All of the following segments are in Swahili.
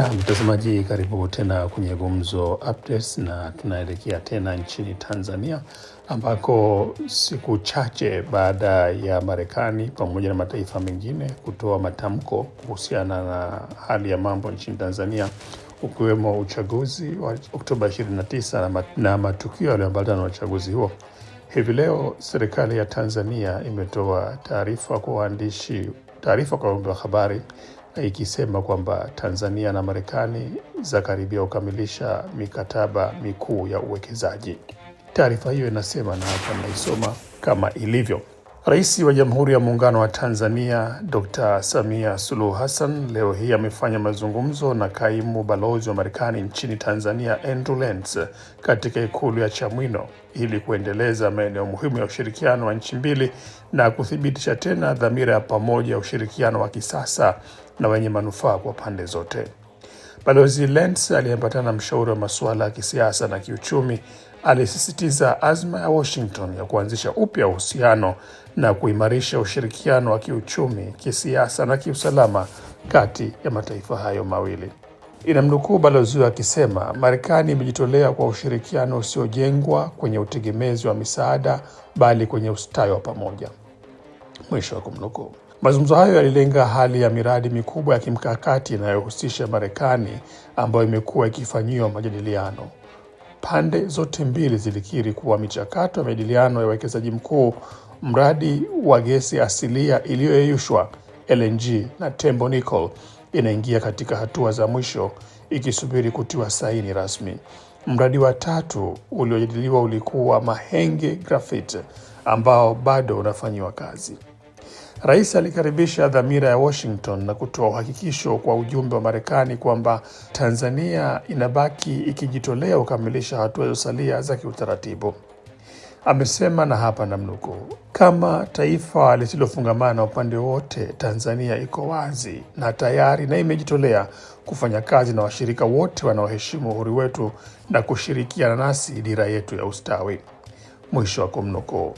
Na mtazamaji, karibu tena kwenye Gumzo Updates, na tunaelekea tena nchini Tanzania ambako siku chache baada ya Marekani pamoja na mataifa mengine kutoa matamko kuhusiana na hali ya mambo nchini Tanzania ukiwemo uchaguzi wa Oktoba 29 na, mat na matukio yaliyoambatana na uchaguzi huo, hivi leo serikali ya Tanzania imetoa taarifa kwa waandishi taarifa kwa waandishi habari ikisema kwamba Tanzania na Marekani zakaribia kukamilisha mikataba mikuu ya uwekezaji. Taarifa hiyo inasema, na hapa naisoma kama ilivyo. Rais wa Jamhuri ya Muungano wa Tanzania Dr. Samia Suluhu Hassan leo hii amefanya mazungumzo na kaimu balozi wa Marekani nchini Tanzania Andrew Lentz katika ikulu ya Chamwino ili kuendeleza maeneo muhimu ya ushirikiano wa nchi mbili na kuthibitisha tena dhamira ya pamoja ya ushirikiano wa kisasa na wenye manufaa kwa pande zote. Balozi Lentz aliyeambatana na mshauri wa masuala ya kisiasa na kiuchumi alisisitiza azma ya Washington ya kuanzisha upya uhusiano na kuimarisha ushirikiano wa kiuchumi, kisiasa na kiusalama kati ya mataifa hayo mawili. Inamnukuu balozi huyo akisema, Marekani imejitolea kwa ushirikiano usiojengwa kwenye utegemezi wa misaada, bali kwenye ustawi wa pamoja, mwisho wa kumnukuu. Mazungumzo hayo yalilenga hali ya miradi mikubwa ya kimkakati inayohusisha Marekani ambayo imekuwa ikifanyiwa majadiliano. Pande zote mbili zilikiri kuwa michakato ya majadiliano ya uwekezaji mkuu mradi wa gesi asilia iliyoyeyushwa LNG na Tembo Nickel inaingia katika hatua za mwisho ikisubiri kutiwa saini rasmi. Mradi wa tatu uliojadiliwa ulikuwa Mahenge Graphite ambao bado unafanyiwa kazi. Rais alikaribisha dhamira ya Washington na kutoa uhakikisho kwa ujumbe wa Marekani kwamba Tanzania inabaki ikijitolea kukamilisha hatua zilizosalia za kiutaratibu. Amesema na hapa namnukuu, kama taifa lisilofungamana na upande wote, Tanzania iko wazi na tayari na imejitolea kufanya kazi na washirika wote wanaoheshimu uhuru wetu na kushirikiana nasi dira yetu ya ustawi, mwisho wa kumnukuu.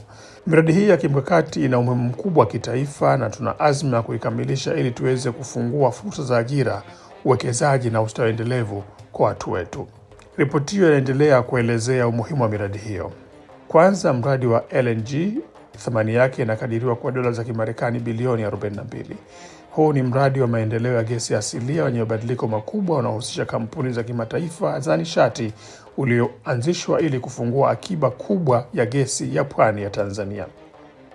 Miradi hii ya kimkakati ina umuhimu mkubwa wa kitaifa na tuna azma ya kuikamilisha ili tuweze kufungua fursa za ajira, uwekezaji na ustawi endelevu kwa watu wetu. Ripoti hiyo inaendelea kuelezea umuhimu wa miradi hiyo. Kwanza, mradi wa LNG thamani yake inakadiriwa kwa dola za Kimarekani bilioni 42 huu ni mradi wa maendeleo ya gesi asilia wenye mabadiliko makubwa unaohusisha kampuni za kimataifa za nishati ulioanzishwa ili kufungua akiba kubwa ya gesi ya pwani ya Tanzania.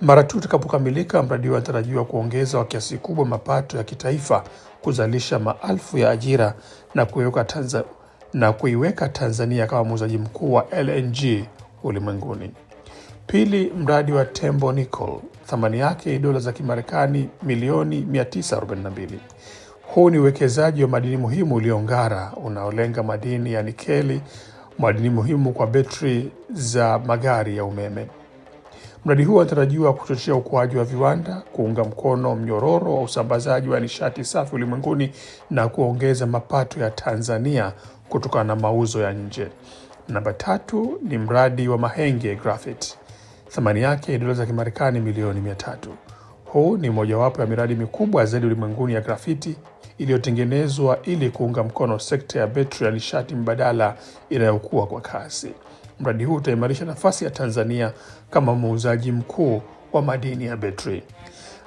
Mara tu utakapokamilika, mradi huu unatarajiwa kuongeza kwa kiasi kubwa mapato ya kitaifa, kuzalisha maelfu ya ajira na kuiweka Tanzania, na kuiweka Tanzania kama muuzaji mkuu wa LNG ulimwenguni. Pili, mradi wa Tembo Nickel thamani yake ni dola za Kimarekani milioni 942. Huu ni uwekezaji wa madini muhimu uliong'ara unaolenga madini ya nikeli, madini muhimu kwa betri za magari ya umeme. Mradi huu unatarajiwa kuchochea ukuaji wa viwanda, kuunga mkono mnyororo wa usambazaji wa nishati safi ulimwenguni na kuongeza mapato ya Tanzania kutokana na mauzo ya nje. Namba tatu ni mradi wa Mahenge Graphite thamani yake dola za Kimarekani milioni mia tatu. Huu ni mojawapo ya miradi mikubwa zaidi ulimwenguni ya grafiti iliyotengenezwa ili kuunga mkono sekta ya betri ya nishati mbadala inayokuwa kwa kasi. Mradi huu utaimarisha nafasi ya Tanzania kama muuzaji mkuu wa madini ya betri.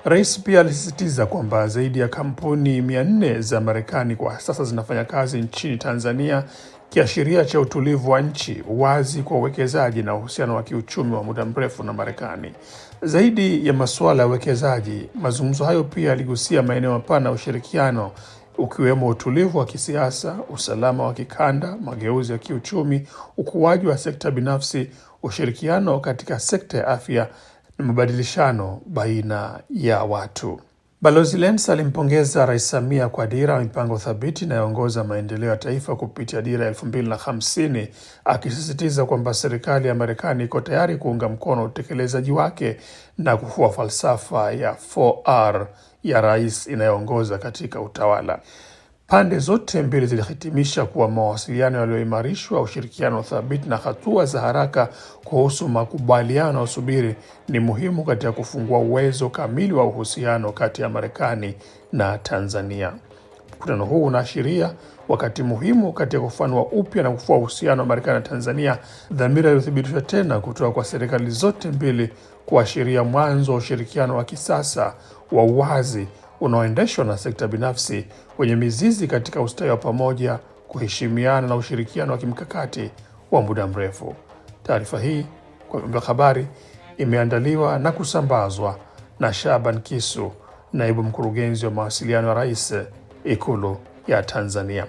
Rais pia alisisitiza kwamba zaidi ya kampuni mia nne za Marekani kwa sasa zinafanya kazi nchini Tanzania kiashiria cha utulivu wa nchi, wazi kwa uwekezaji na uhusiano wa kiuchumi wa muda mrefu na Marekani. Zaidi ya masuala ya uwekezaji, mazungumzo hayo pia yaligusia maeneo mapana ya ushirikiano ukiwemo utulivu wa kisiasa, usalama wa kikanda, mageuzi ya kiuchumi, ukuaji wa sekta binafsi, ushirikiano katika sekta ya afya na mabadilishano baina ya watu. Balozi Lens alimpongeza Rais Samia kwa dira ya mipango thabiti inayoongoza maendeleo ya taifa kupitia dira ya elfu mbili na hamsini, akisisitiza kwamba serikali ya Marekani iko tayari kuunga mkono utekelezaji wake na kufua falsafa ya 4R ya rais inayoongoza katika utawala. Pande zote mbili zilihitimisha kuwa mawasiliano yaliyoimarishwa, ushirikiano thabiti na hatua za haraka kuhusu makubaliano ya subiri ni muhimu katika kufungua uwezo kamili wa uhusiano kati ya Marekani na Tanzania. Mkutano huu unaashiria wakati muhimu kati ya kufanua upya na kufua uhusiano wa Marekani na Tanzania, dhamira iliyothibitishwa tena kutoka kwa serikali zote mbili, kuashiria mwanzo wa ushirikiano wa kisasa wa uwazi unaoendeshwa na sekta binafsi wenye mizizi katika ustawi wa pamoja, kuheshimiana na ushirikiano wa kimkakati wa muda mrefu. Taarifa hii kwa vyombo vya habari imeandaliwa na kusambazwa na Shaban Kisu, naibu mkurugenzi wa mawasiliano ya Rais, Ikulu ya Tanzania.